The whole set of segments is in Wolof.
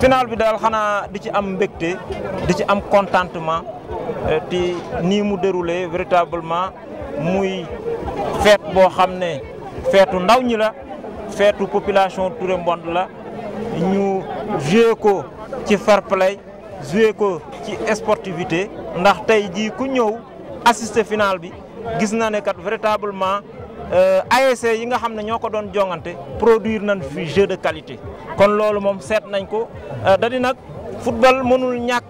final bi daal xanaa di ci am mbégte di ci am contentement ti euh, nii mu déroulé véritablement muy feet boo xam ne feetu ndaw ñi la feetu population Touré Mbonde la ñu joué ko ci fair play joué ko ci sportivité ndax tey jii ku ñëw assister final bi gis na ne kat véritablement Euh, ASC yi nga xam ne ñoo ko doon jongante produir nañ fi jeu de qualité kon loolu moom seet nañ ko euh, da di nag football mënul ñàkk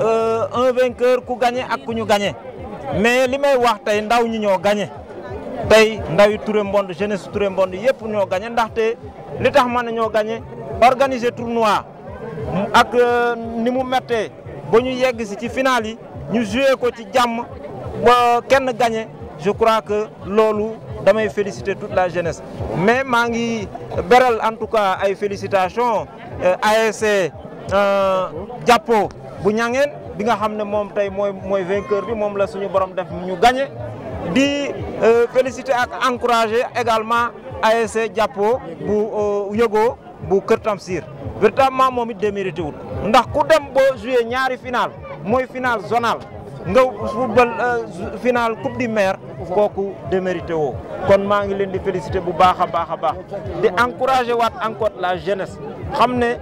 euh, un vainqueur ku gagné ak ku ñu gagné mais li may wax tey ndaw ñi ñoo gagné tey ndawi Touré Mbond jeunesse Touré Mbond yëpp ñoo gagné ndaxte li tax man na ñoo gagné organiser tournoi ak ni mu méttee ba ñu yegg si ci final yi ñu joué ko ci jàmm ba kenn gagné je crois que loolu. damay féliciter toute la jeunesse mais maa ngi beral en tout cas ay félicitation euh, ASC euh, jàppo bu ñangeen bi nga xam ne moom tey mooy mooy vainqueur bi moom la suñu borom def ñu gagné di euh, féliciter ak encourager également ASC jàppo bu yëgoo bu Kër Tamsir véritablement moom it démérité wul ndax ku dem boo joué ñaari final mooy final zonal nga football euh, final coupe du maire kooku démérité woo kon maa ngi leen di féliciter bu baax a baax a baax di encourager waat encore la jeunesse xam ne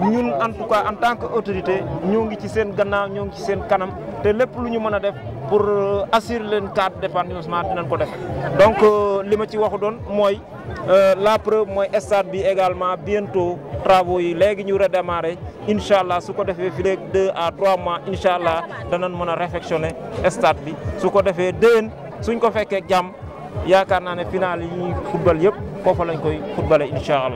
ñun en tout cas en tant que autorité ñoo ngi ci seen gannaaw ñoo ngi ci seen kanam te lépp lu ñu mën a def pour euh, assurer leen cadre d'épanouissement dinañ ko def donc euh, li ma ci waxu doon mooy euh, la preuve mooy stade bi également bientôt travaux yi léegi ñu redémarrer incha allah su ko defee fii léeg deux à trois mois incha allah danañ mën a réfectionner state bi su ko defee déen suñ ko fekkee jàmm yaakaar naa ne final yi ñuy football yëpp foofa lañ koy footballé incha allah